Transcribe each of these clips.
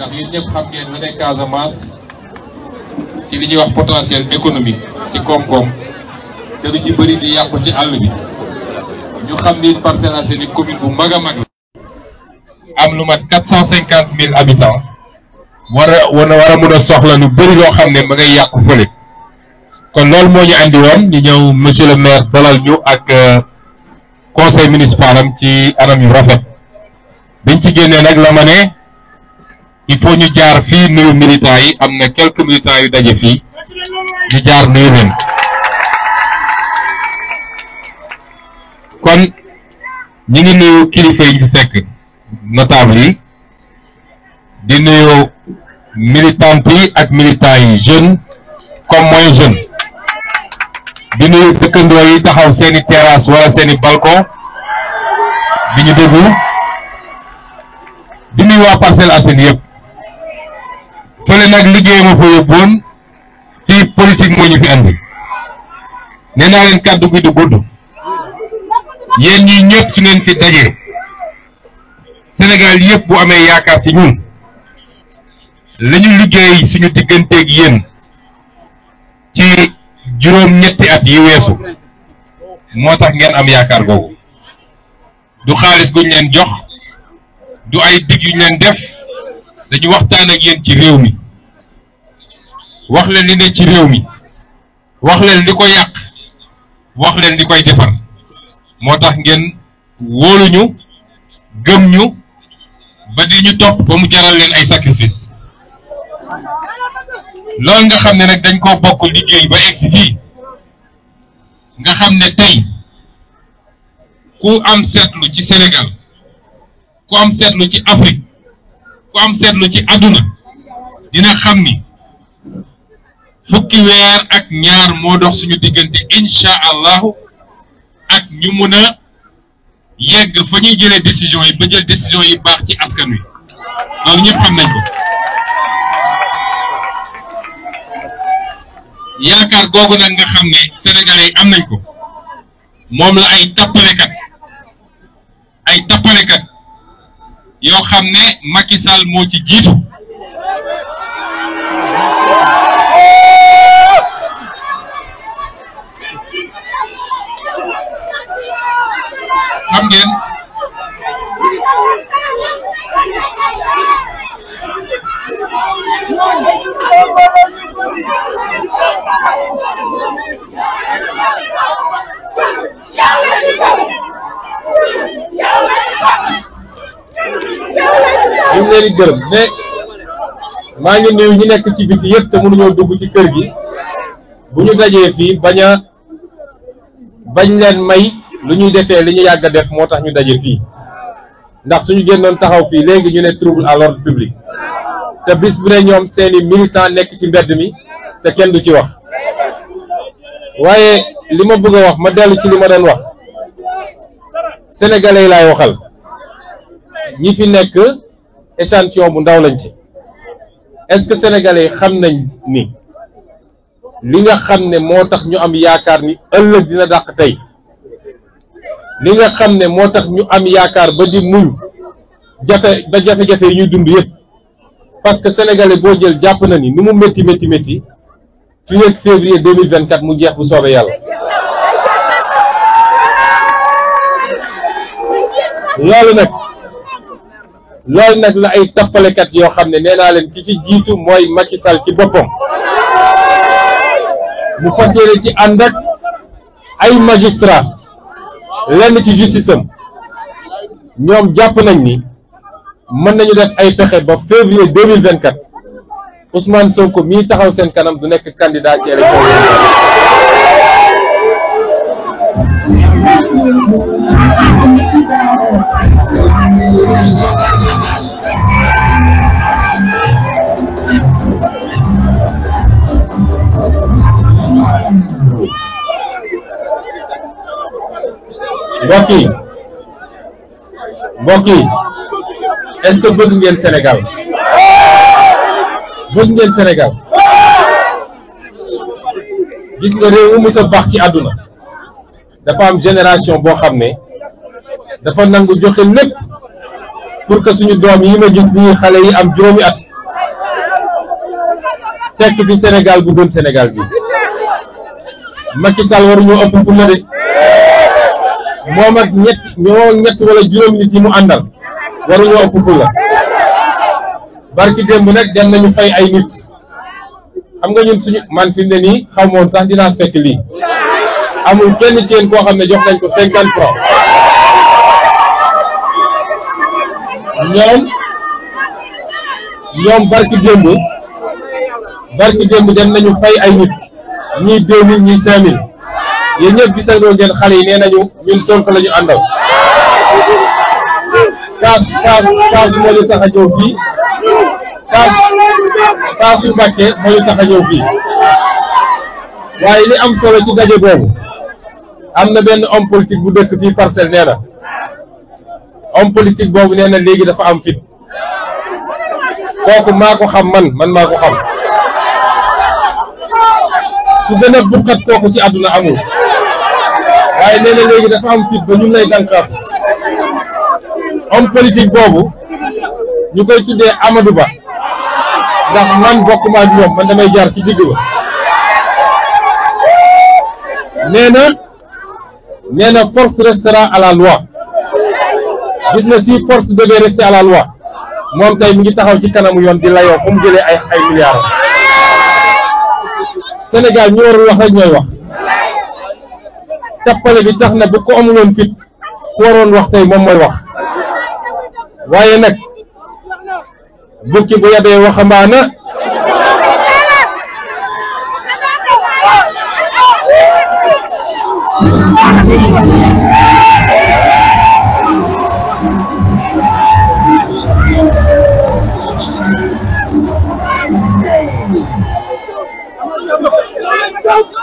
ndax yéen ñëpp xam ngeen ne Casamance ci li ñuy wax potentiel économique ci koom-koom te lu ci bëri di yàqu ci àll bi ñu xam ni Parcelles Assainies commune bu mag a mag la am lu mat quatre cent cinquante mille habitants war war a mun a soxla lu bëri loo xam ne ma ngay yàqu fële kon loolu moo ñu andi woon ñu ñëw monsieur le maire dalal ñu ak euh, conseil municipal ci anam yu rafet biñ ci génnee nag la ma ne il faut ñu jaar fii nuyu militants yi am na quelques militants yu daje fii ñu jaar nuyu leen kon ñi ngi nuyu kilifa yi ñu fekk notable yi di nuyu militantes yi ak militants yi jeunes comme moins jeunes di nuyu dëkkandoo yi taxaw seeni terrasse wala seeni balcon bi ñu déglu di nuyu waa Parcelles Assainies yëpp ne nag liggéey ma fa yóbboon ci moo ñu fi andi nee naa leen kàddu gi du gudd yéen ñi ñëpp su ngeen fi dajee Sénégal yëpp bu amee yaakaar ci ñun la liggéey suñu digganteeg yéen ci juróom-ñetti at yi weesu moo tax ngeen am yaakaar googu du xaalis guñ leen jox du ay dig yuñ leen def dañu waxtaan ak yéen ci réew mi wax leen li ne ci réew mi wax leen li ko yàq wax leen li koy defar moo tax ngeen wóoluñu gëm ñu ba di ñu topp ba mu jaral leen ay sacrifice loolu nga xam ne nag dañ koo bokk liggéey ba egsi fii nga xam ne tey ku am seetlu ci senegal ku am seetlu ci Afrique ku am seetlu ci àdduna dina xam ni fukki weer ak ñaar moo dox suñu diggante incha allahu ak ñu mun yegg fa ñuy jëlee décision yi ba jël décision yi baax ci askan wi loolu ñëpp xam nañ ko yaakaar googu nag nga xam ne sénégalais yi am nañ ko moom la ay tappalekat ay yoo xam ne Macky Sall moo ci jiitu am ngeen ñu ngi leen di gërëm maa ngi nuyu ñi nekk ci biti yëpp te mënuñoo dugg ci kër gi bu ñu dajee fii bañ bañ leen may lu ñuy defee li ñu yàgg def moo tax ñu daje fii ndax suñu génnoon taxaw fii léegi ñu ne trouble à l'ordre public te bis bu ne ñoom seeni militant nekk ci mbedd mi te kenn du ci wax waaye li ma bëgg a wax ma dellu ci li ma doon wax yi laay waxal ñi fi nekk échantillon bu ndaw lañ ci est-ce que sénégalais xam nañ ni li nga xam ne moo tax ñu am yaakaar ni ëllëg dina dàq tey li nga xam ne moo tax ñu am yaakaar ba di muñ jafe ba jafe-jafe yi ñuy dund yëpp parce que sénégalais boo jël jàpp na ni nu mu métti métti métti fii ak février 2024 mu jeex bu soobee yàlla loolu nag loolu nag la ay tappalekat yoo xam ne nee naa leen ki ci jiitu mooy Macky Sall ci boppam bu fas yéene ci ànd ak ay magistrat lenn ci justice ñoom jàpp nañ ni mën nañu def ay pexe ba février 2024 Ousmane Sonko mii taxaw seen kanam du nekk candidat ci élection mbokk yi mbokk yi est-ce que bëgg ngeen Sénégal bëgg ngeen Sénégal gis nga réew mu mësa baax ci àdduna dafa am génération boo xam ne dafa nangu joxe lépp pour que suñu doom yi ma gis nii xale yi am juróomi at tekk fi Sénégal bu gën Sénégal bi Macky Sall ëpp fu de moom ak ñett ñoo ñett wala juróom nit mu àndal waruñoo ëpp fulla barki démb nag dem nañu fay ay nit xam nga ñun suñu man fi mu ne nii xaw moon sax dinaa fekk lii amul kenn ci yéen koo xam ne jox nañ ko cinquante francs ñoom ñoom barki démb barki démb dem nañu fay ay nit ñii deux mille ñii yéen ñëpp gisandoo xale yi nee nañu ñun Sonko la ñu àndal kaas kaas kaas tax a ñëw fii kaas kaasu tax a ñëw fii waaye li am solo ci daje boobu am na benn homme politique bu dëkk fii parcelle nee na homme politique boobu nee léegi dafa am fit kooku maa ko xam man maa ko xam ku gën a kooku ci àdduna amul waaye nee léegi dafa am fit ba ñu lay dànkaaf homme politique boobu ñu koy tuddee Amadou Ba ndax man bokk ma ak man damay jaar ci digg ba nee na nee na force restera à la loi gis na si force devait rester à la loi moom tey mi ngi taxaw ci kanamu yoon di layoo fa mu jëlee ay ay milliards Sénégal ñu warul wax rek wax. tappale na bu ko amuloon fit ku waroon wax moom mooy wax waaye nag bukki bu yabee waxambaana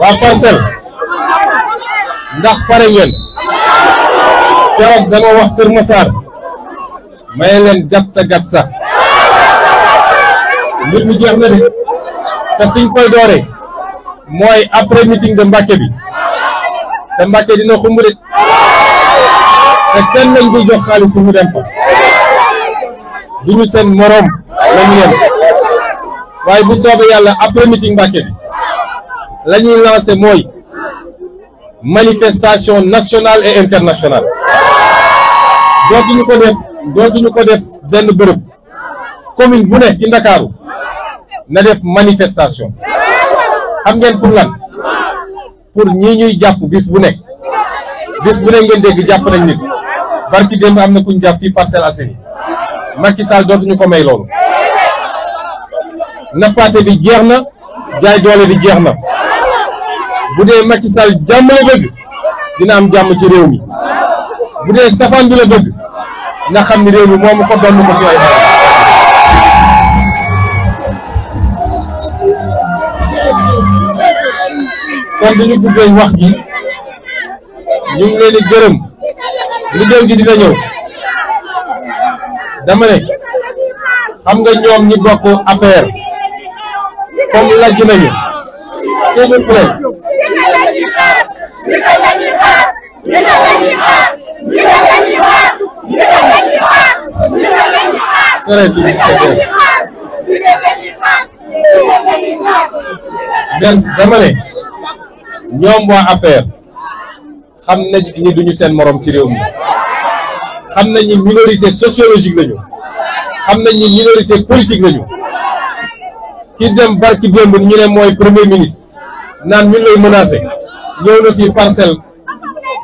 waa parcelle ndax pare ngeen keroog dama wax Kër Massar may leen gat sa gat sa mbir mi jeex na de te fiñ koy doore mooy après meeting de Mbàkke bi te Mbàkke dina xumb de te kenn lañ koy jox xaalis bu mu dem fa duñu seen moroom lañu yem waaye bu soobee yàlla après meeting Mbàkke bi la ñuy mooy manifestation nationale et internationale dootuñu ko def dootuñu ko def benn bërëb commune bu nekk ci Ndakaaru na def manifestation xam ngeen pour lan pour ñii ñuy jàpp bis bu nekk bis bu nekk ngeen dégg jàpp nañ nit barki démb am na kuñ jàpp fii Parcelles Assainies Macky Sall dootuñu ko may loolu nappaate bi jeex na jaay doole bi jeex na bu dee Macky Sall jàmm la bëgg dina am jàmm ci réew mi bu dee safaan bi la bëgg na xam ni réew mi moomu ko doon ko ci ay kon duñu guddee wax ji ñu ngi leen di gërëm liggéey gi dina ñëw dama ne xam nga ñoom ñi bokk APR comme lajj nañu s'il vous plaît dama ne ñoom waa APR xam nañ ñi duñu seen moroom ci réew mi xam nañ ñi minorité sociologique lañu xam nañ ñi minorité politique lañu ki dem barki démb ñu ne mooy premier ministre naan ñun lay menacé ñëw na fii parcelle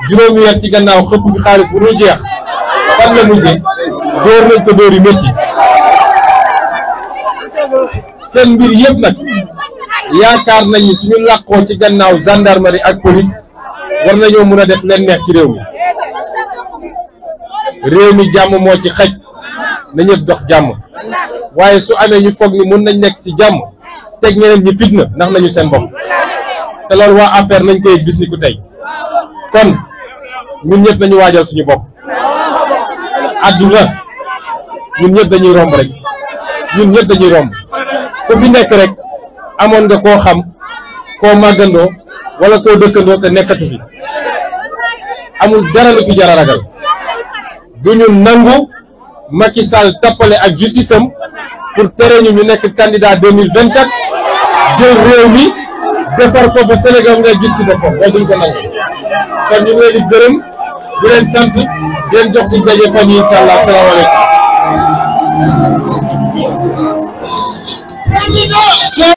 juróomi weer ci gannaaw xëpp bi xaalis bu dul jeex fan la mujje dóor nañ ko dóor yu métti seen mbir yëpp nag yaakaar nañu suñu làqoo ci gannaaw gendarmerie ak police war nañoo mën a def leen neex ci réew mi réew mi jàmm moo ci xaj na ñëpp dox jàmm waaye su amee ñu foog ni mën nañ nekk ci jàmm teg ñeneen ñi fitna ndax nañu seen bopp te loolu waa APR nañ koy bis tey kon ñun ñett dañu waajal suñu bopp adduna ñun ñëpp dañuy romb rek ñun ñëpp dañuy romb ku fi nekk rek amoon nga koo xam koo màggandoo wala koo dëkkandoo te nekkatu fi amul dara lu fi jar a ragal du ñu nangu Macky Sall tappale ak justice am pour tere ñu ñu nekk candidat 2024 jël réew mi defar ko ba Sénégal ngay gis si boppam waaye duñ ko nangu kon ñu ngi leen di gërëm di leen sant di leen jox di daje fan yi incha allah salaamaaleykum